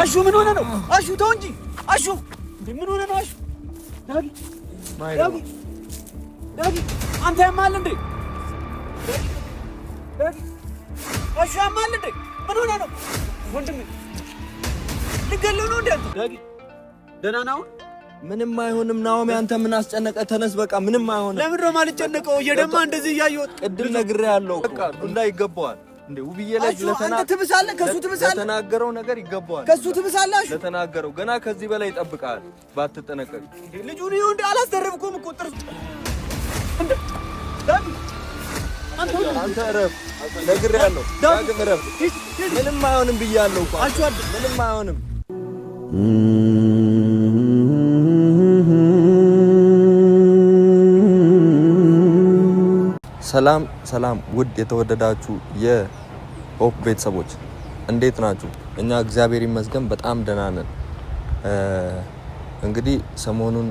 አሹ ምን ሆነ ነው? አሹ ተው እንጂ አሹ ምን ሆነ ነው? አሹ ዳጊ ዳጊ ዳጊ አንተ ያማል እንዴ? አሹ ያማል እንዴ? ምን ሆነ ነው? ወንድም ልገለው ነው እንዴ? ዳጊ ደህና ነህ አሁን? ምንም አይሆንም። ናኦሚ አንተ ምን አስጨነቀ? ተነስ በቃ ምንም አይሆንም። ለምን ለምድሮ ማልጨነቀው እየደማ እንደዚህ እያየው ቅድም ነግሬሃለሁ። በቃ ይገባዋል። እንዴ ውብዬ ላይ ለተና ትብሳለህ፣ ትብሳለህ። ከሱ ለተናገረው ነገር ይገባዋል። ከሱ ትብሳለህ። ትብሳላሽ ለተናገረው ገና ከዚህ በላይ ይጠብቃል። ባትጠነቀቅ ልጁን ይሁን እንዴ አላስደረብኩም እኮ ጥርስ አንተ እረፍ ነግሬሃለሁ። ዳግም እረፍ። ምንም አይሆንም ብያለሁ። ምንም አይሆንም ሰላም ሰላም፣ ውድ የተወደዳችሁ የሆፕ ቤተሰቦች እንዴት ናችሁ? እኛ እግዚአብሔር ይመስገን በጣም ደህና ነን። እንግዲህ ሰሞኑን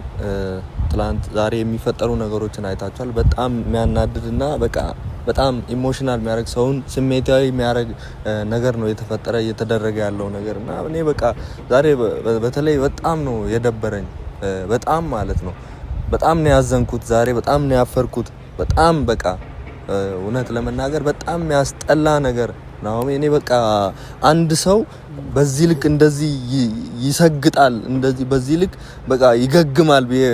ትላንት፣ ዛሬ የሚፈጠሩ ነገሮችን አይታችኋል። በጣም የሚያናድድ እና በቃ በጣም ኢሞሽናል የሚያደርግ ሰውን ስሜታዊ የሚያደርግ ነገር ነው የተፈጠረ እየተደረገ ያለው ነገር እና እኔ በቃ ዛሬ በተለይ በጣም ነው የደበረኝ። በጣም ማለት ነው በጣም ነው ያዘንኩት ዛሬ። በጣም ነው ያፈርኩት። በጣም በቃ እውነት ለመናገር በጣም የሚያስጠላ ነገር ናሆሜ። እኔ በቃ አንድ ሰው በዚህ ልክ እንደዚህ ይሰግጣል፣ እንደዚህ በዚህ ልክ በቃ ይገግማል ብዬ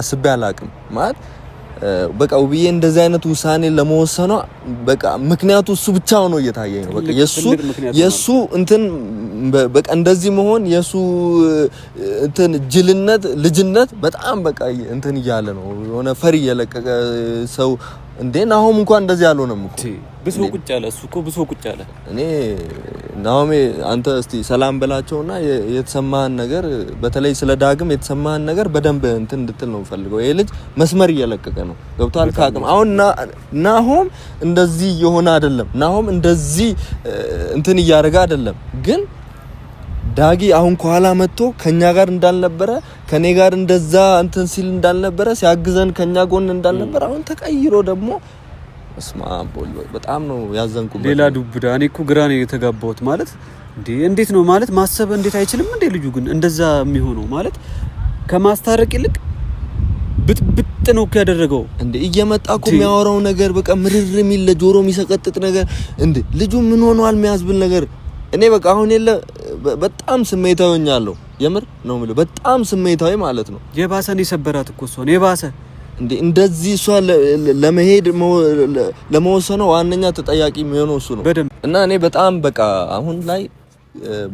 አስቤ አላቅም ማለት በቃ ውብዬ እንደዚህ አይነት ውሳኔ ለመወሰኗ በቃ ምክንያቱ እሱ ብቻ ሆኖ እየታየኝ ነው። በቃ የሱ የሱ እንትን በቃ እንደዚህ መሆን የሱ እንትን ጅልነት፣ ልጅነት በጣም በቃ እንትን እያለ ነው የሆነ ፈሪ የለቀቀ ሰው እንዴ ናሆም እንኳን እንደዚህ አልሆነም እኮ ብሶ ቁጭ አለ። እሱ እኮ ብሶ ቁጭ አለ። እኔ ናሆሜ፣ አንተ እስቲ ሰላም ብላቸውና የተሰማህን ነገር በተለይ ስለ ዳግም የተሰማህን ነገር በደንብ እንትን እንድትል ነው ፈልገው። ይሄ ልጅ መስመር እየለቀቀ ነው ገብቷል። ከአቅም አሁን ናሆም እንደዚህ የሆነ አይደለም። ናሆም እንደዚህ እንትን እያደረገ አይደለም ግን ዳጊ አሁን ከኋላ መጥቶ ከኛ ጋር እንዳልነበረ ከኔ ጋር እንደዛ እንትን ሲል እንዳልነበረ ሲያግዘን ከኛ ጎን እንዳልነበረ አሁን ተቀይሮ ደግሞ እስማ በጣም ነው ያዘንኩበት። ሌላ ዱብዳ። እኔ እኮ ግራ ነው የተጋባሁት። ማለት እንዴ እንዴት ነው ማለት ማሰብ እንዴት አይችልም እንዴ ልጁ ግን እንደዛ የሚሆነው ማለት ከማስታረቅ ይልቅ ብጥብጥ ነው ያደረገው። እንዴ እየመጣ እኮ የሚያወራው ነገር በቃ ምርር የሚል ለጆሮ የሚሰቀጥጥ ነገር እንዴ ልጁ ምን ሆኗል የሚያስብል ነገር እኔ በቃ አሁን የለ በጣም ስሜታዊ ሆኛለሁ። የምር ነው የምልህ፣ በጣም ስሜታዊ ማለት ነው። የባሰን የሰበራት እኮ እሷ የባሰ እንዴ እንደዚህ እሷ ለመሄድ ለመወሰኗ ዋነኛ ተጠያቂ የሚሆነው እሱ ነው። እና እኔ በጣም በቃ አሁን ላይ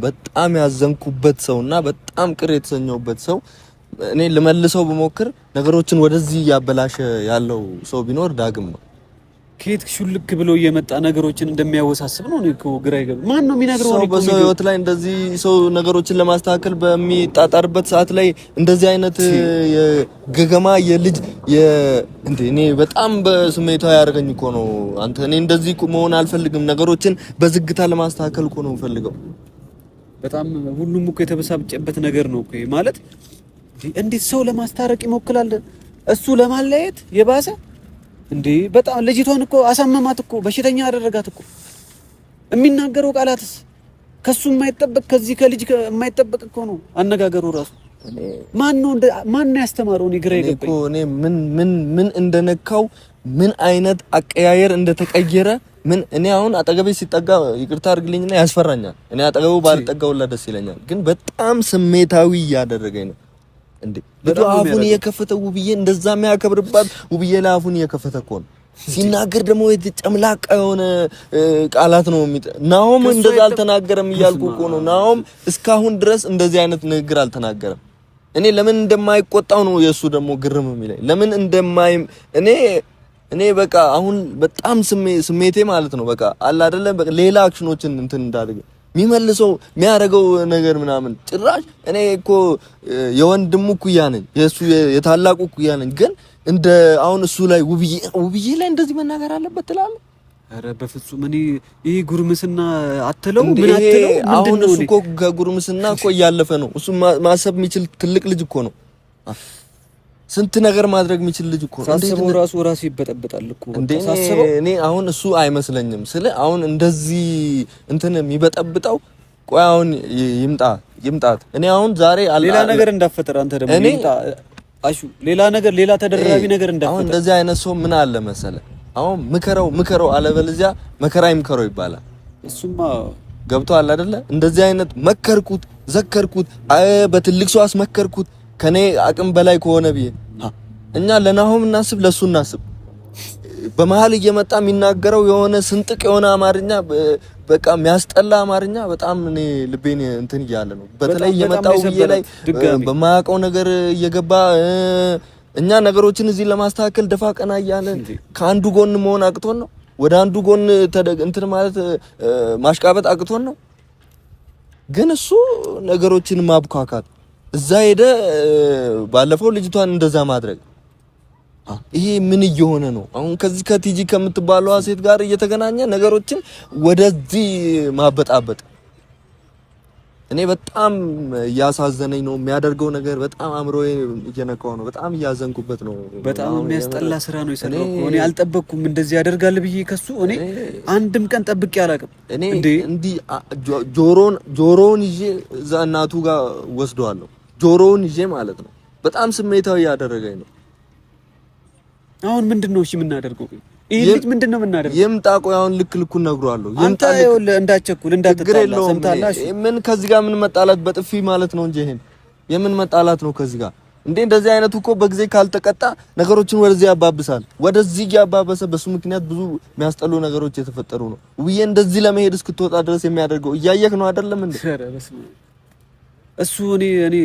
በጣም ያዘንኩበት ሰው እና በጣም ቅር የተሰኘውበት ሰው እኔ ልመልሰው ብሞክር ነገሮችን ወደዚህ እያበላሸ ያለው ሰው ቢኖር ዳግም ነው። ከየት ሹልክ ብሎ እየመጣ ነገሮችን እንደሚያወሳስብ ነው። እኔ እኮ ግራ ይገባል። ማን ነው የሚነግረው? ሰው በሰው ህይወት ላይ እንደዚህ ሰው ነገሮችን ለማስተካከል በሚጣጣርበት ሰዓት ላይ እንደዚህ አይነት የገገማ የልጅ እንደ እኔ በጣም በስሜቷ ያደርገኝ እኮ ነው። አንተ እኔ እንደዚህ መሆን አልፈልግም። ነገሮችን በዝግታ ለማስተካከል እኮ ነው ፈልገው። በጣም ሁሉም እኮ የተበሳጨበት ነገር ነው እኮ ማለት እንዴት ሰው ለማስታረቅ ይሞክላል? እሱ ለማለያየት የባሰ እንዴ በጣም ልጅቷን እኮ አሳመማት እኮ በሽተኛ አደረጋት እኮ። የሚናገረው ቃላትስ ከሱ የማይጠበቅ ከዚህ ከልጅ የማይጠበቅ እኮ ነው አነጋገሩ ራሱ። ማን ነው ማን ያስተማረው? እኔ ግራ እኔ ምን ምን ምን እንደነካው ምን አይነት አቀያየር እንደተቀየረ ምን እኔ አሁን አጠገቤ ሲጠጋ ይቅርታ አድርግልኝና ያስፈራኛል። እኔ አጠገቡ ባልጠጋውላ ደስ ይለኛል፣ ግን በጣም ስሜታዊ እያደረገኝ ነው እንዴ አፉን እየከፈተ ውብዬ እንደዛ የሚያከብርባት ውብዬ ለአፉን እየከፈተ እኮ ነው ሲናገር ደግሞ ጨምላቃ የሆነ ቃላት ነው የሚጠ ናሆም እንደዛ አልተናገረም እያልኩ እኮ ነው። ናሆም እስካሁን ድረስ እንደዚህ አይነት ንግግር አልተናገረም። እኔ ለምን እንደማይቆጣው ነው የእሱ ደግሞ ግርም የሚለኝ ለምን እንደማይ እኔ እኔ በቃ አሁን በጣም ስሜቴ ማለት ነው በቃ አለ አይደለም ሌላ አክሽኖችን እንትን እንዳድርግ የሚመልሰው የሚያደርገው ነገር ምናምን ጭራሽ እኔ እኮ የወንድሙ እኩያ ነኝ፣ የእሱ የታላቁ እኩያ ነኝ። ግን እንደ አሁን እሱ ላይ ውብዬ ላይ እንደዚህ መናገር አለበት ትላለህ? ኧረ በፍጹም እኔ ይህ ጉርምስና አትለው ምን አትለው። አሁን እሱ እኮ ከጉርምስና እኮ እያለፈ ነው። እሱ ማሰብ የሚችል ትልቅ ልጅ እኮ ነው። ስንት ነገር ማድረግ የሚችል ልጅ እኮ ሳስበው ራሱ ራሱ ይበጠበጣል እኮ እንዴ። እኔ አሁን እሱ አይመስለኝም ስለ አሁን እንደዚህ እንትን የሚበጠብጠው ቆይ አሁን ይምጣ ይምጣት እኔ አሁን ዛሬ ሌላ ነገር እንዳፈጠረ አንተ ደግሞ ይምጣ አሹ ሌላ ነገር ሌላ ተደራቢ ነገር እንዳፈጠረ አሁን እንደዚህ አይነት ሰው ምን አለ መሰለ አሁን ምከረው ምከረው አለበለዚያ መከራ ይምከረው ይባላል እሱማ ገብቶሃል አይደለ እንደዚህ አይነት መከርኩት ዘከርኩት በትልቅ ሰው አስመከርኩት ከኔ አቅም በላይ ከሆነ ብዬ እኛ ለናሆም እናስብ፣ ለሱ እናስብ። በመሀል እየመጣ የሚናገረው የሆነ ስንጥቅ የሆነ አማርኛ በቃ የሚያስጠላ አማርኛ በጣም እኔ ልቤን እንትን እያለ ነው። በተለይ እየመጣው ብዬ ላይ በማያውቀው ነገር እየገባ እኛ ነገሮችን እዚህ ለማስተካከል ደፋ ቀና እያለ ከአንዱ ጎን መሆን አቅቶን ነው። ወደ አንዱ ጎን እንትን ማለት ማሽቃበጥ አቅቶን ነው። ግን እሱ ነገሮችን ማብኳካት እዛ ሄደ ባለፈው ልጅቷን እንደዛ ማድረግ ይሄ ምን እየሆነ ነው? አሁን ከዚህ ከቲጂ ከምትባለው ሴት ጋር እየተገናኘ ነገሮችን ወደዚህ ማበጣበጥ እኔ በጣም እያሳዘነኝ ነው። የሚያደርገው ነገር በጣም አእምሮ እየነካው ነው። በጣም እያዘንኩበት ነው። በጣም የሚያስጠላ ስራ ነው የሰራው። እኔ አልጠበቅኩም እንደዚህ ያደርጋል ብዬ ከሱ እኔ አንድም ቀን ጠብቄ አላውቅም። እኔ እንዲህ ጆሮን ጆሮውን ይዤ እዛ እናቱ ጋር ወስደዋለሁ ጆሮውን ይዤ ማለት ነው። በጣም ስሜታዊ እያደረገኝ ነው። አሁን ምንድን ነው እሺ የምናደርገው? ይሄ ልጅ ምንድን ነው የምናደርገው? ይምጣ። ቆይ አሁን ልክ ልኩን እነግረዋለሁ። ይምጣ። ይኸውልህ እንዳትቸኩል፣ እንዳትጣላ ሰምታላሽ። ምን ከዚህ ጋር ምን መጣላት? በጥፊ ማለት ነው እንጂ ይሄን የምን መጣላት ነው ከዚህ ጋር እንዴ? እንደዚህ አይነቱ እኮ በጊዜ ካልተቀጣ ነገሮችን ወደዚህ ያባብሳል። ወደዚህ እያባበሰ በሱ ምክንያት ብዙ የሚያስጠሉ ነገሮች የተፈጠሩ ነው። ውዬ እንደዚህ ለመሄድ እስክትወጣ ድረስ የሚያደርገው እያየህ ነው አይደለም እንዴ? እሱ እኔ እኔ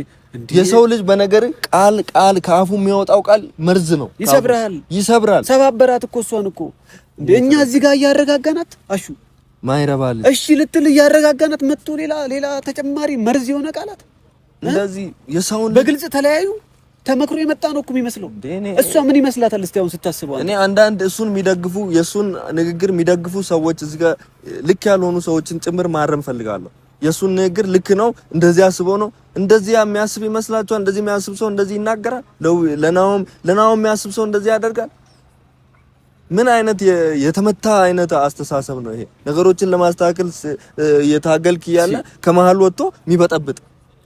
የሰው ልጅ በነገር ቃል ቃል ከአፉ የሚያወጣው ቃል መርዝ ነው፣ ይሰብራል ይሰብራል። ሰባበራት እኮ እሷን እኮ እኛ እዚህ ጋር እያረጋጋናት አሹ ማይረባል እሺ ልትል እያረጋጋናት መጥቶ ሌላ ሌላ ተጨማሪ መርዝ የሆነ ቃላት እንደዚህ የሰውን በግልጽ ተለያዩ ተመክሮ የመጣ ነው እኮ የሚመስለው። እሷ ምን ይመስላታል እስቲ አሁን ስታስበው? እኔ አንዳንድ እሱን የሚደግፉ የእሱን ንግግር የሚደግፉ ሰዎች እዚህ ጋር ልክ ያልሆኑ ሰዎችን ጭምር ማረም ፈልጋለሁ። የእሱን ንግግር ልክ ነው፣ እንደዚህ አስበው ነው፣ እንደዚህ የሚያስብ ይመስላችኋል? እንደዚህ የሚያስብ ሰው እንደዚህ ይናገራል? ለናውም ለናውም የሚያስብ ሰው እንደዚህ ያደርጋል? ምን አይነት የተመታ አይነት አስተሳሰብ ነው ይሄ? ነገሮችን ለማስተካከል የታገልክ እያለ ከመሀል ወጥቶ የሚበጠብጥ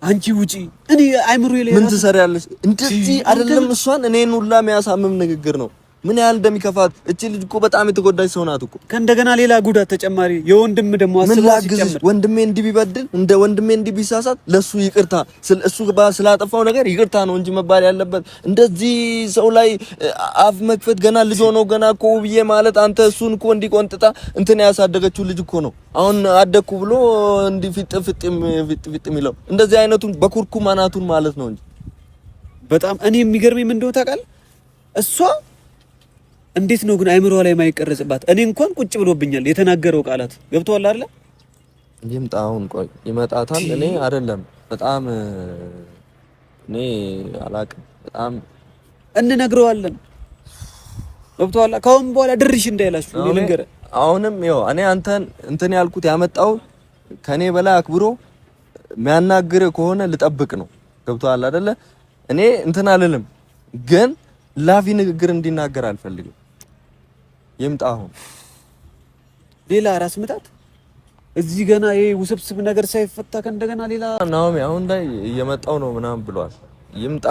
አንቺ ውጪ እኔ አይምሮ ምን ትሰሪያለሽ? እንደዚህ አይደለም እሷን እኔን ሁላ የሚያሳምም ንግግር ነው ምን ያህል እንደሚከፋት እቺ ልጅ እኮ በጣም የተጎዳች ሰው ናት እኮ። ከእንደገና ሌላ ጉዳት ተጨማሪ የወንድም ደግሞ አስባስ ይጨምር። ወንድሜ እንዲህ ቢበድል እንደ ወንድሜ እንዲህ ቢሳሳት ለሱ ይቅርታ፣ እሱ ስላጠፋው ነገር ይቅርታ ነው እንጂ መባል ያለበት እንደዚህ ሰው ላይ አፍ መክፈት። ገና ልጅ ሆኖ ገና እኮ ብዬ ማለት አንተ እሱን እኮ እንዲቆንጥጣ እንትን ያሳደገችው ልጅ እኮ ነው። አሁን አደግኩ ብሎ እንዲህ ፊጥ ፊጥ የሚለው እንደዚህ አይነቱን በኩርኩም አናቱን ማለት ነው እንጂ በጣም እኔ የሚገርመኝ ምን እንደው ታውቃለህ እሷ እንዴት ነው ግን አይምሮ ላይ የማይቀረጽባት? እኔ እንኳን ቁጭ ብሎብኛል የተናገረው ቃላት ገብቷል አይደለ? ይምጣ አሁን ቆይ ይመጣታል። እኔ አይደለም በጣም እኔ አላቅም በጣም እንነግረዋለን። ገብቷል። ካሁን በኋላ ድርሽ እንዳይላችሁ እኔ ልንገረ አሁንም ይኸው እኔ አንተን እንትን ያልኩት ያመጣው ከኔ በላይ አክብሮ የሚያናግር ከሆነ ልጠብቅ ነው። ገብቷል አይደለ? እኔ እንትን አልልም ግን ላፊ ንግግር እንዲናገር አልፈልግም። ይምጣ። አሁን ሌላ ራስ ምታት እዚህ ገና ይሄ ውስብስብ ነገር ሳይፈታ ከእንደገና ሌላ ናሚ አሁን ላይ እየመጣው ነው ምናምን ብሏል። ይምጣ።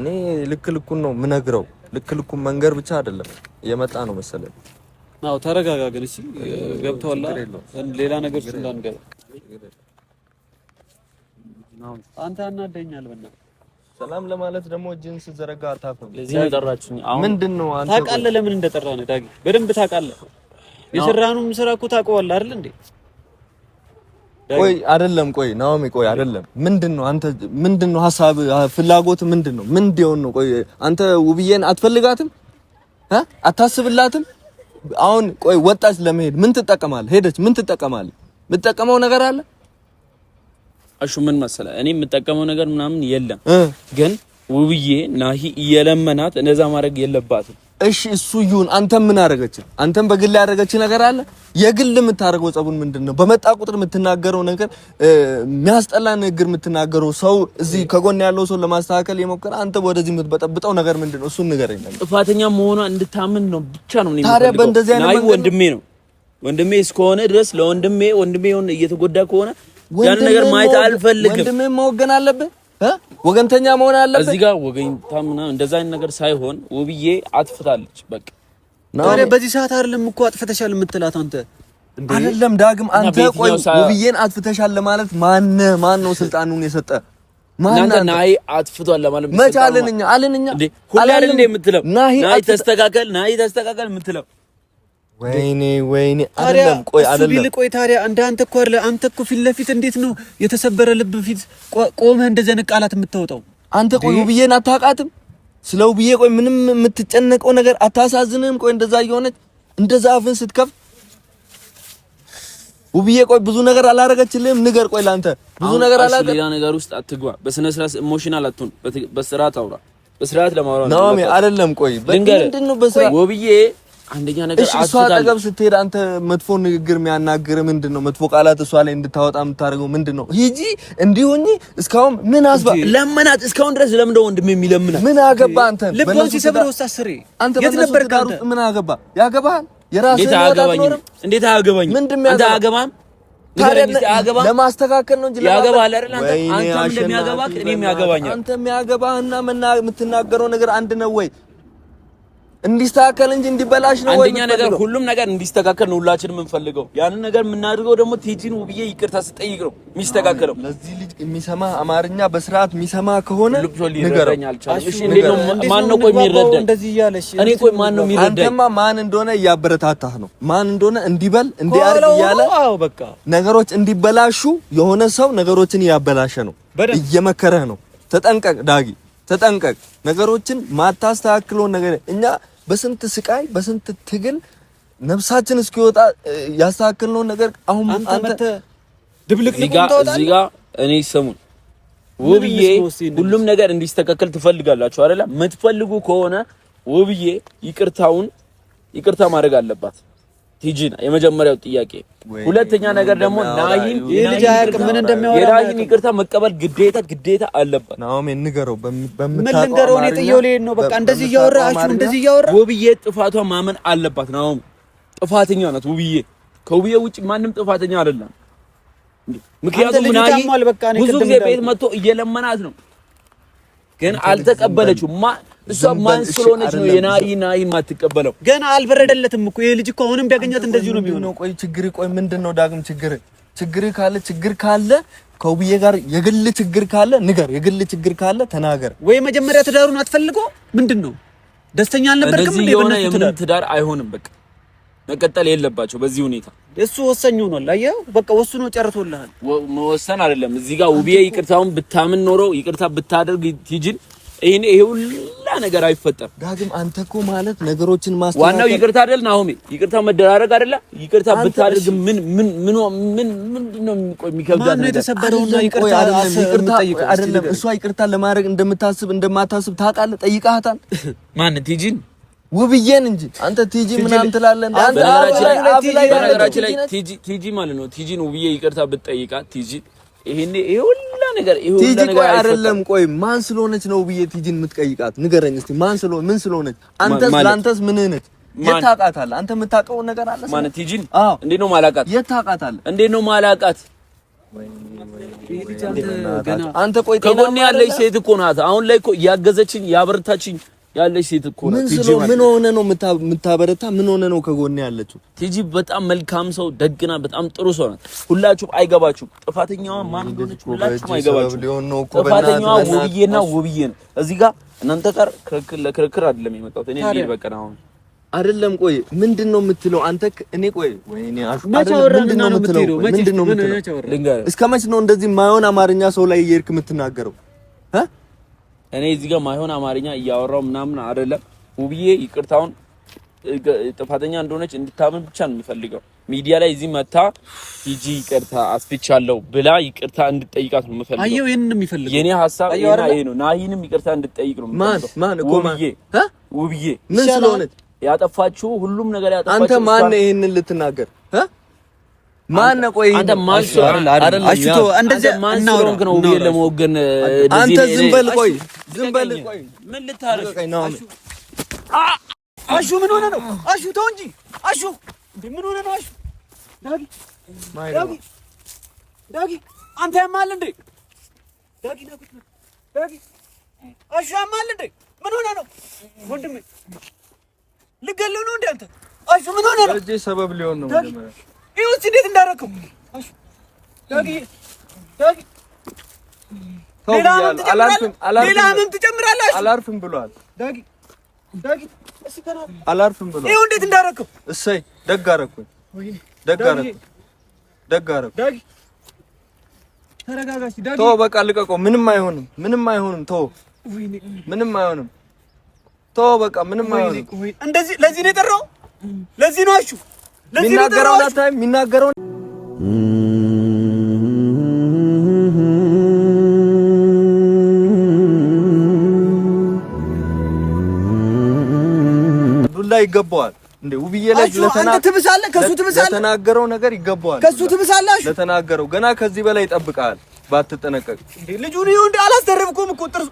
እኔ ልክ ልኩን ነው ምነግረው። ልክ ልኩን መንገር ብቻ አይደለም እየመጣ ነው መሰለኝ። አዎ ተረጋጋ። ግን እሺ ገብተዋል። ሌላ ነገር እንዳንገባ አንተ አናደኛል በእናትህ ሰላም ለማለት ደግሞ እጅን ስዘረጋ አታፍም። ለዚህ ነው የጠራችሁኝ። አሁን ምንድን ነው አንተ ታውቃለህ፣ ለምን እንደጠራን ዳጊ በደንብ ታውቃለህ። የሰራኑም ስራ እኮ ታውቀዋለህ አይደል እንዴ? ቆይ አይደለም፣ ቆይ ናኦሚ፣ ቆይ አይደለም። ምንድን ነው አንተ ምንድን ነው ሀሳብ ፍላጎት ምንድን ነው? ምን እንዲሆን ነው? ቆይ አንተ ውብዬን አትፈልጋትም? አታስብላትም? አሁን ቆይ ወጣች ለመሄድ ምን ትጠቀማለህ? ሄደች ምን ትጠቀማለህ? የምትጠቀመው ነገር አለ አሹ ምን መሰለህ፣ እኔ የምጠቀመው ነገር ምናምን የለም፣ ግን ውብዬ ናሂ እየለመናት እንደዛ ማድረግ የለባትም። እሺ እሱ ይሁን። አንተም ምን አደረገች? አንተም በግል ያደረገች ነገር አለ? የግል የምታደርገው ጸቡን ምንድን ነው? በመጣ ቁጥር የምትናገረው ነገር የሚያስጠላ ንግግር የምትናገረው ሰው እዚህ ከጎን ያለው ሰው ለማስተካከል የሞከረ አንተ ወደዚህ የምትበጠብጠው ነገር ምንድን ነው? እሱን ንገረኝ። ጥፋተኛ መሆኗ እንድታምን ነው ብቻ ነው። ታዲያ በእንደዚህ አይነት ወንድሜ ነው ወንድሜ እስከሆነ ድረስ ለወንድሜ ወንድሜ እየተጎዳ ከሆነ ያን ነገር ማየት አልፈልግም። ወንድምህን መወገን አለብህ፣ ወገንተኛ መሆን አለብህ። እዚህ ጋር ወገኝታ ምናምን እንደዛ አይነት ነገር ሳይሆን ውብዬ አጥፍታለች። በቃ ታዲያ በዚህ ሰዓት አይደለም እኮ አጥፍተሻል የምትላት አንተ አይደለም ዳግም አንተ ቆይ ውብዬን አጥፍተሻል ለማለት ማን ማን ነው ስልጣኑን የሰጠ ማን ናይ አጥፍቷል ለማለት መቻ አለንኛ አለንኛ ሁሌ አይደል የምትለው ናይ ተስተካከል ናይ ተስተካከል የምትለው ወይኔ ወይኔ፣ አይደለም ቆይ፣ አይደለም ቆይ። ታዲያ እንዳንተ አንተ እኮ አይደለ አንተ እኮ ፊት ለፊት እንዴት ነው የተሰበረ ልብ ፊት ቆመህ እንደዚህ አይነት ቃላት የምታወጣው አንተ? ቆይ ውብዬን አታውቃትም? ስለ ውብዬ ቆይ ምንም የምትጨነቀው ነገር አታሳዝንም? ቆይ እንደዛ እየሆነች እንደዛ አፍን ስትከፍ ውብዬ ቆይ ብዙ ነገር አላረገችልህም? ንገር ቆይ፣ ለአንተ ብዙ ነገር አላረገች። ሌላ ነገር ውስጥ አትግባ። በስነ ስርዓት ኢሞሽናል አትሁን። በስርዓት አውራ። በስርዓት ለማውራት ነው አይደለም? ቆይ ምንድን ነው በስርዓት ውብዬ አንደኛ ነገር እሷ አጠገብ ስትሄድ አንተ መጥፎ ንግግር የሚያናግር ምንድን ነው? መጥፎ ቃላት እሷ ላይ እንድታወጣ የምታደርገው ምንድን ነው? ሂጂ እንዲሆኝ እስካሁን ምን አስባ ለመናት? እስካሁን ድረስ ለምን ደው ወንድሜ የሚለምናት ምን አገባ? አንተ ልቦን ሲሰብር ወስታስ ስሬ የት ነበር? ጋር ውስጥ ምን አገባ? ያገባሃል። የራስህ ነው። አገባኝ እንዴት አያገባኝ? ምንድነው አንተ አያገባም ለማስተካከል ነው እንጂ ያገባል አይደል? አንተም እንደሚያገባህ እኔም ያገባኛል። አንተ የሚያገባህና የምትናገረው ነገር አንድ ነው ወይ? እንዲስተካከል እንጂ እንዲበላሽ ነው። አንደኛ ነገር ሁሉም ነገር እንዲስተካከል ነው ሁላችንም የምንፈልገው። ያንን ነገር የምናድርገው ደግሞ ቲጂን ውብዬ ይቅርታ ስጠይቅ ነው የሚስተካከለው። ለዚህ ልጅ የሚሰማ አማርኛ በስርዓት የሚሰማ ከሆነ ይረዳኛል። እሺ እንዴ ነው ማን ነው ነው ቆይ ቆይ የሚረዳ የሚረዳ? እንደዚህ እኔ ማን ማን አንተማ እንደሆነ እያበረታታህ ነው። ማን እንደሆነ እንዲበል እንዲያርግ እያለ ነገሮች እንዲበላሹ የሆነ ሰው ነገሮችን እያበላሸ ነው፣ እየመከረህ ነው። ተጠንቀቅ ዳጊ፣ ተጠንቀቅ ነገሮችን ማታስተካክለውን ነገር እኛ በስንት ስቃይ በስንት ትግል ነፍሳችን እስኪወጣ ያስተካከልነውን ነገር አሁን አንተ ድብልቅ እዚህ ጋ እኔ ስሙን ውብዬ ሁሉም ነገር እንዲስተካከል ትፈልጋላችሁ አይደለ? የምትፈልጉ ከሆነ ውብዬ ይቅርታውን ይቅርታ ማድረግ አለባት። ቲጂን የመጀመሪያው ጥያቄ። ሁለተኛ ነገር ደግሞ ናሂን የናሂን ይቅርታ መቀበል ግዴታ ግዴታ አለበት። ናሆም ንገረው፣ በምታውቀው እኔ ጥዬው ልሄድ ነው። በቃ እንደዚህ እያወራችሁ እንደዚህ እያወራ ውብዬ ጥፋቷ ማመን አለባት። ናሆም ጥፋተኛ ናት ውብዬ። ከውብዬ ውጭ ማንም ጥፋተኛ አይደለም። ምክንያቱም ናሂ ብዙ ጊዜ ቤት መጥቶ እየለመናት ነው፣ ግን አልተቀበለችው እሷ ማን ስለሆነች ነው የናሂ ናሂ የማትቀበለው? ገና አልበረደለትም እኮ ይሄ ልጅ እኮ አሁንም ቢያገኛት እንደዚሁ ነው የሚሆነው። ቆይ ችግር ቆይ ምንድን ነው ዳግም ችግር ችግር ካለ ችግር ካለ ከውብዬ ጋር የግል ችግር ካለ ንገር፣ የግል ችግር ካለ ተናገር። ወይ መጀመሪያ ትዳሩን አትፈልጎ ምንድን ነው ደስተኛ አልነበርክም? እንደዚህ የሆነ የምን ትዳር አይሆንም። በቃ መቀጠል የለባቸው በዚህ ሁኔታ። እሱ ወሰኝ ሆኗል። አየኸው፣ በቃ ወስኖ ጨርሶልሃል። መወሰን አይደለም እዚህ ጋር ውብዬ ይቅርታውን ብታምን ኖሮ ይቅርታ ብታደርግ ይጅል ይሄን ይሄ ሁላ ነገር አይፈጠር። ዳግም አንተ እኮ ማለት ነገሮችን ማስተካከል ዋናው ይቅርታ አይደል? ናሆሜ ይቅርታ መደራረግ አይደለ? ይቅርታ ብታደርግ ምን ምን ምን ምን ምንድን ነው የሚከብዳት ነገር የተሰበረውና ይቅርታ አይደለም። እሷ ይቅርታ ለማድረግ እንደምታስብ እንደማታስብ ታውቃለህ? ጠይቃታል? ማን ቲጂን ውብዬን እንጂ አንተ ቲጂ ምናምን ትላለህ። በነገራችን ላይ ቲጂ ቲጂ ማለት ነው ቲጂን ውብዬ ይቅርታ ብትጠይቃት ቲጂ ይሄን ይሄ ሁላ ነገር ቲጂ ቆይ አይደለም፣ ቆይ ማን ስለሆነች ነው ብዬ ቲጂን የምትቀይቃት ንገረኝ እስቲ። ማን ስለሆነ ምን ስለሆነች? አንተስ ምን አንተ? የምታውቀው ነገር አለ ቲጂን። እንዴት ነው ማላውቃት? እንዴት ነው ማላውቃት? አንተ ቆይ ከጎኔ ያለች ሴት እኮ ናት። አሁን ላይ እኮ ያገዘችኝ ያበረታችኝ ያለች ሴት እኮ ነው። ቲጂ ምን ሆነ ነው የምታበረታ? ምን ሆነ ነው ከጎን ያለችው? ቲጂ በጣም መልካም ሰው፣ ደግና በጣም ጥሩ ሰው ናት። ሁላችሁም አይገባችሁም። ጥፋተኛዋ ማን እንደሆነች ሁላችሁም አይገባችሁም። ጥፋተኛዋ ውብዬና ውብዬ ነው። እዚህ ጋር እናንተ ጋር ክርክር ለክርክር አይደለም የመጣሁት እኔ እንዴ በቀን አሁን አይደለም። ቆይ ምንድን ነው የምትለው አንተ? እኔ ቆይ ወይኔ አሹ ምንድን ነው የምትለው? ምንድን የምትለው? እስከ መች ነው እንደዚህ የማይሆን አማርኛ ሰው ላይ እየሄድክ የምትናገረው? እኔ እዚህ ጋር ማይሆን አማርኛ እያወራው ምናምን አይደለም። ውብዬ ይቅርታውን ጥፋተኛ እንደሆነች እንድታምን ብቻ ነው የምፈልገው። ሚዲያ ላይ እዚህ መታ ሂጂ ይቅርታ አስፍቻለሁ ብላ ይቅርታ እንድጠይቃት ነው የምፈልገው። አየሁ፣ ይሄን ነው የሚፈልገው። የኔ ሀሳብ ይሄ ነው። ናሂንም ይቅርታ እንድጠይቅ ነው ማን ማን እኮ ማን ውብዬ ምን ስለሆነ ያጠፋችሁ ሁሉም ነገር ያጠፋችሁ አንተ ማን ነህ ይሄንን ልትናገር ማን ቆይ አንተ ማን አይደል? አሽቶ እንደዚህ እናውራው ነው ብዬ ለመወገን አንተ ዝም በል። ቆይ ዝም በል። ቆይ ምን ልታረግ? አሹ ምን ሆነ ነው? አሹ ተው እንጂ አሹ ምን ሆነ ነው? አሹ ዳጊ ዳጊ ዳጊ አንተ ያማል እንዴ? ዳጊ ዳጊ አሹ ያማል እንዴ? ምን ሆነ ነው ወንድሜ? ልገለው ነው እንዴ አንተ? አሹ ምን ሆነ ነው? ሰበብ ሊሆን ነው ይሁንስ እንዴት እንዳደረከው ሌላ ህመም ትጨምራለህ። አላርፍም ብሏል። አላርፍም ብሏል። ይኸው እንዴት እንዳደረከው። እሰይ ደግ አደረኩኝ፣ ደግ በቃ ልቀቀው። ምንም አይሆንም፣ ምንም አይሆንም። ተወው፣ ምንም አይሆንም። ተወው፣ በቃ ምንም አይሆንም። እንደዚህ ለዚህ ነው የጠራው፣ ለዚህ ነው አሹ የሚናገረውን አታይም? የሚናገረውን ዱላ ይገባዋል እንዴ? ውብዬ ላይ ለተናገረው ነገር ይገባዋል። ከሱ ትብሳለህ። ለተናገረው ገና ከዚህ በላይ ይጠብቃል ባትጠነቀቅ። ልጁን ይሁን እንዴ አላስተረፍኩም ቁጥር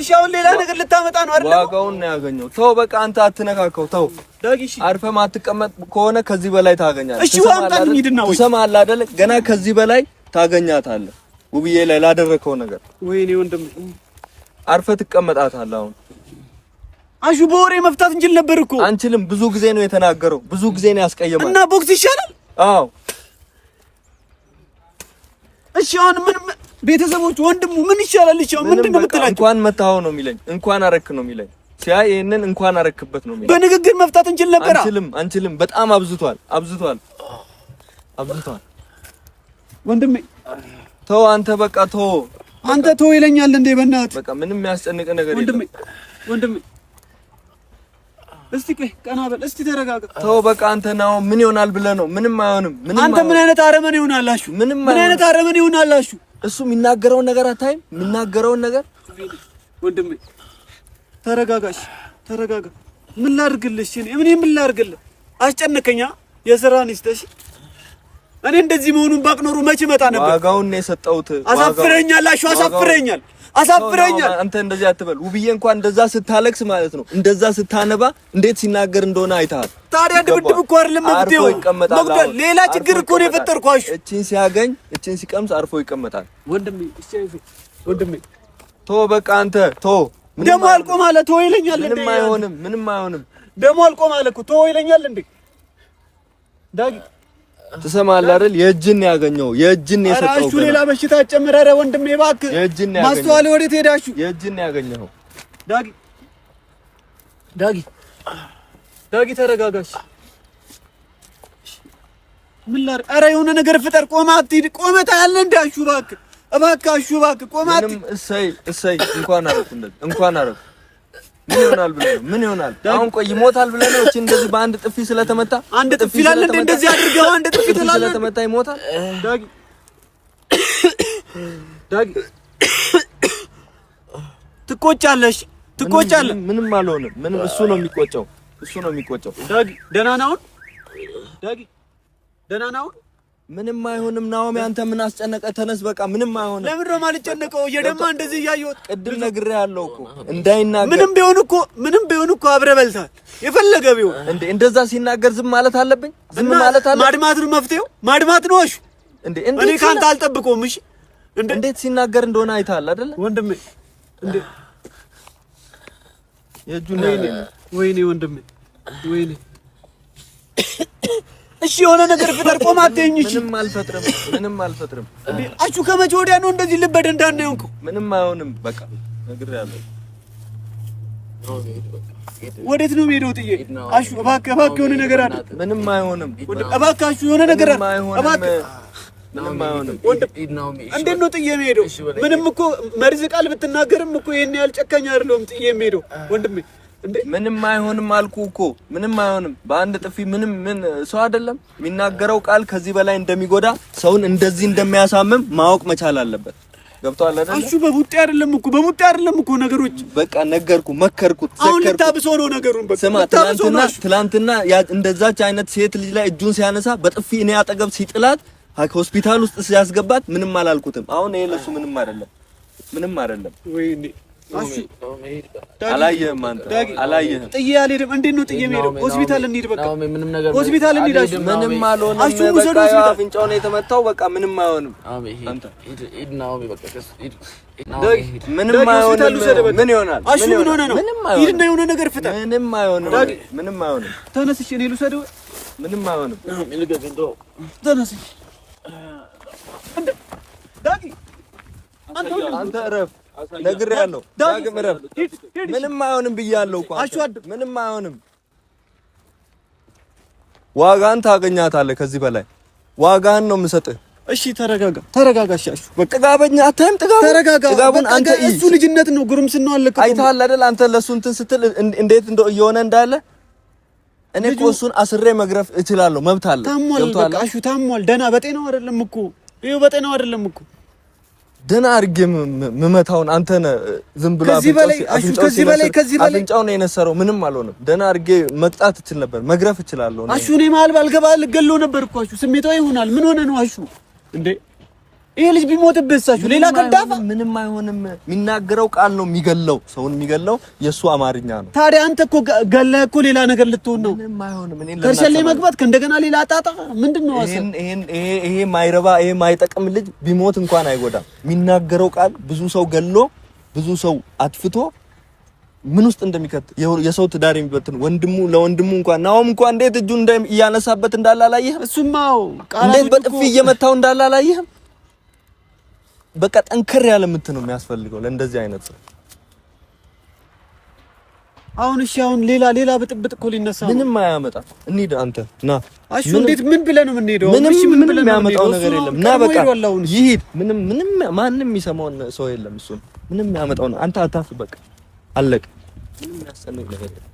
እሺ አሁን ሌላ ነገር ልታመጣ ነው አይደል? ዋጋውን ነው ያገኘው። ተው በቃ አንተ አትነካከው። ተው ዳጊ፣ እሺ አርፈህ ማትቀመጥ ከሆነ ከዚህ በላይ ታገኛለህ። እሺ ዋምጣን ምንድነው? ትሰማለህ አይደል? ገና ከዚህ በላይ ታገኛታለህ። ውብዬ ላይ ላደረከው ነገር ወይኔ ወንድም፣ አርፈህ ትቀመጣታለህ። አሁን አሹ በወሬ መፍታት እንችል ነበር እኮ። አንችልም። ብዙ ጊዜ ነው የተናገረው፣ ብዙ ጊዜ ነው ያስቀየመው። እና ቦክስ ይሻላል። አዎ እሺ አሁን ምን ቤተሰቦች ወንድሙ ምን ይሻላል? ይቻው ምንድን ነው የምትላቸው? እንኳን መታው ነው የሚለኝ፣ እንኳን አረክ ነው የሚለኝ። ሲያ ይሄንን እንኳን አረክበት ነው የሚለኝ። በንግግር መፍታት እንችል ነበር። አንችልም፣ አንችልም። በጣም አብዝቷል፣ አብዝቷል፣ አብዝቷል። ወንድሜ ተው አንተ፣ በቃ ተው አንተ፣ ተው ይለኛል እንዴ? በእናትህ በቃ ምንም የሚያስጨንቅ ነገር የለም ወንድሜ፣ ወንድሜ እስቲ ቆይ ቀና በል እስቲ ተረጋጋ። ተው በቃ አንተ ነው ምን ይሆናል ብለህ ነው? ምንም አይሆንም። ምንም አንተ ምን አይነት አረመኔ ይሆናላችሁ? ምንም ምን አይነት አረመኔ ይሆናላችሁ? እሱ የሚናገረውን ነገር አታይም? የሚናገረውን ነገር ወንድሜ፣ ተረጋጋሽ፣ ተረጋጋ። ምን ላድርግልሽ? እኔ ምን ላድርግልህ? አስጨነከኛ። የስራን ይስጠሽ። እኔ እንደዚህ መሆኑን ባቅ መች መጣ ነበር። ዋጋውን ነው የሰጠሁት። አሳፍረኛል፣ አሹ አሳፍረኛል። አሳፍረኛል። አንተ እንደዚህ አትበል ውብዬ። እንኳን እንደዛ ስታለቅስ ማለት ነው እንደዛ ስታነባ እንዴት ሲናገር እንደሆነ አይተሃል። ታዲያ ድብድብ እኮ አይደለም መፍትሄው፣ መጉዳት ሌላ ችግር እኮ ነው የፈጠርኳሽ። እቺን ሲያገኝ እቺን ሲቀምስ አርፎ ይቀመጣል። ወንድሜ ወንድሜ ቶ በቃ አንተ ቶ ደሞ አልቆ ማለት ቶ ይለኛል። እንዴ? ምንም አይሆንም፣ ምንም አይሆንም። ደሞ አልቆ ማለት ቶ ይለኛል እንዴ ዳግ ትሰማለህ አይደል? የእጅን ያገኘው የእጅን የሰጠው እሱ ሌላ በሽታ ጨምረረ ወንድሜ፣ እባክህ የእጅን ያገኘው ማስተዋል፣ ወዴት ሄዳችሁ? የእጅን ያገኘው ዳጊ፣ ዳጊ፣ ዳጊ ተረጋጋሽ። ምን ላድርግ? ኧረ የሆነ ነገር ፍጠር። ቆማ አትሂድ። ቆመህ ታያለህ። እንዳሹ እባክህ፣ እባክህ፣ አሹ እባክህ፣ ቆማ አትሂድ። እሰይ፣ እሰይ፣ እንኳን አደረኩ፣ እንኳን አደረኩ እንኳን አረፍ ምን ይሆናል ብለህ ነው? ምን ይሆናል አሁን? ቆይ ይሞታል ብለህ ነው? እቺ እንደዚህ በአንድ ጥፊ ስለተመታ አንድ ጥፊ ላለ እንደ እንደዚህ አድርገህ አንድ ጥፊ ትላለህ። ስለተመታ ይሞታል። ዳጊ ዳጊ፣ ትቆጫለሽ፣ ትቆጫለህ። ምንም አልሆንም። ምንም እሱ ነው የሚቆጨው፣ እሱ ነው የሚቆጨው። ዳጊ፣ ደህና ነህ አሁን? ዳጊ፣ ደህና ነህ አሁን? ምንም አይሆንም። ናኦሚ አንተ ምን አስጨነቀ? ተነስ በቃ ምንም አይሆንም። ለምን ነው የማልጨነቀው? እየደማ እንደዚህ እያየሁት ቅድም ነግሬሃለሁ እኮ እንዳይናገር። ምንም ቢሆን እኮ ምንም ቢሆን እኮ አብረህ በልተሃል። የፈለገ ቢሆን እንዴ እንደዛ ሲናገር ዝም ማለት አለብኝ? ዝም ማለት አለብኝ? ማድማት ነው መፍትሄው? ማድማት ነው እሺ። እንዴ እንዴ እኔ ካንተ አልጠብቀውም። እሺ እንዴ እንዴት ሲናገር እንደሆነ አይተሃል አይደለ ወንድሜ? እንዴ የእጁን ወይኔ ወንድሜ ወይኔ እሺ የሆነ ነገር ፍጠር። ቆም አትይኝ። እሺ ምንም አልፈጥርም፣ ምንም አልፈጥርም። አቹ ከመቼ ወዲያ ነው እንደዚህ ልበድ እንዳን የሆንከው? ምንም አይሆንም። በቃ ነግሬሃለሁ። ወዴት ነው የምሄደው? ጥዬ አሹ፣ እባክህ እባክህ፣ የሆነ ነገር አለ። ምንም አይሆንም። እባክህ አሹ፣ የሆነ ነገር አለ። እባክህ እንዴት ነው ጥዬ የምሄደው? ምንም እኮ መርዝ ቃል ብትናገርም እኮ ይሄን ያህል ጨካኝ አይደለሁም። ጥዬ የምሄደው ወንድሜ ምንም አይሆንም አልኩ እኮ ምንም አይሆንም። በአንድ ጥፊ ምንም ምን ሰው አይደለም። የሚናገረው ቃል ከዚህ በላይ እንደሚጎዳ ሰውን እንደዚህ እንደሚያሳምም ማወቅ መቻል አለበት። ገብቷል አይደል? እሱ በቡጤ አይደለም እኮ በሙጤ አይደለም እኮ ነገሮች በቃ ነገርኩ፣ መከርኩት። አሁን ልታብሶ ነው ነገሩን። በቃ ስማ፣ ትላንትና ትላንትና እንደዛች አይነት ሴት ልጅ ላይ እጁን ሲያነሳ በጥፊ እኔ አጠገብ ሲጥላት ሆስፒታል ውስጥ ሲያስገባት ምንም አላልኩትም። አሁን ይሄ ለሱ ምንም አይደለም፣ ምንም አይደለም። አላየህም አንተ አላየህም። ጥዬ አልሄድም። እንዴት ነው ጥዬ የምሄደው? ሆስፒታል እንሂድ፣ በቃ ሆስፒታል እንሂድ። አሹ ምንም አልሆንም። አሹ ውሰዱ ሆስፒታል። አፍንጫው ነው የተመታው። በቃ ምንም አይሆንም። ምንም አይሆንም። ምን ይሆናል? አሹ ምን ሆነ ነው? ሂድና የሆነ ነገር ፍጠር። ምንም አይሆንም። ምንም አይሆንም። ተነስሽ፣ እኔ ልውሰደው። ምንም አይሆንም። ተነስሽ፣ ዳጊ፣ አንተ እረፍ ነግሬያለሁ። ዳግም እረፍ። ምንም አይሆንም ብያለሁ እኮ አሽዋድ፣ ምንም አይሆንም። ዋጋን ታገኛታለህ። ከዚህ በላይ ዋጋን ነው የምሰጥህ። እሺ ተረጋጋ፣ ተረጋጋ። እሺ አሹ በቃ ጥጋበኛ አታይም? ጥጋብ ተረጋጋ። ጥጋቡን አንተ እሱ ልጅነት ነው ጉርምስና አለ አለከ አይተሃል አይደል? አንተ ለሱ እንትን ስትል እንዴት እንደው እየሆነ እንዳለ እኔ እኮ እሱን አስሬ መግረፍ እችላለሁ። መብት አለ። ታሟል፣ በቃ አሹ ታሟል። ደህና በጤናው አይደለም እኮ ይኸው፣ በጤናው አይደለም እኮ ደህና አድርጌ ምመታውን አንተ ነህ ዝም ብሎ አፍንጫውን የነሰረው። ምንም አልሆነም። ደህና አድርጌ መቅጣት እችል ነበር፣ መግረፍ እችላለሁ። አሹ እኔ መሀል ባልገባ ልገለው ነበር እኮ አሹ። ስሜታዊ ይሆናል። ምን ሆነ ነው አሹ እንዴ? ይሄ ልጅ ቢሞትብህ እሳችሁ ሌላ ገልዳፋ ምንም አይሆንም። የሚናገረው ቃል ነው የሚገለው፣ ሰውን የሚገለው የእሱ አማርኛ ነው። ታዲያ አንተ እኮ ገለህ እኮ ሌላ ነገር ልትሆን ነው። ምንም አይሆንም። እኔ ከርሸ ላይ መግባት ከእንደገና ሌላ ጣጣ ምንድን ነው? ይሄ ማይረባ ይሄ ማይጠቅም ልጅ ቢሞት እንኳን አይጎዳም። የሚናገረው ቃል ብዙ ሰው ገሎ ብዙ ሰው አጥፍቶ ምን ውስጥ እንደሚከት የሰው ትዳር የሚበትን ወንድሙ ለወንድሙ እንኳን ናውም እንኳን እንዴት እጁ እያነሳበት እንዳላላየህ እሱማው ቃል እንዴት በጥፊ እየመታው እንዳላላየህ በቃ ጠንከር ያለ ምት ነው የሚያስፈልገው ለእንደዚህ አይነት ሰው። አሁን እሺ፣ አሁን ሌላ ሌላ ብጥብጥ እኮ ሊነሳ ምንም አያመጣም። እንሂድ፣ አንተ ና። እሺ፣ እንዴት? ምን ብለህ ነው የምንሄደው? ምንም እሺ፣ ምን የሚያመጣው ነገር የለም። ና፣ በቃ ይሂድ። ምንም ምንም፣ ማንም የሚሰማው ሰው የለም። እሱ ምንም የሚያመጣው አንተ አታፍ፣ በቃ አለቀ። ምንም የሚያሰነው ነገር የለም።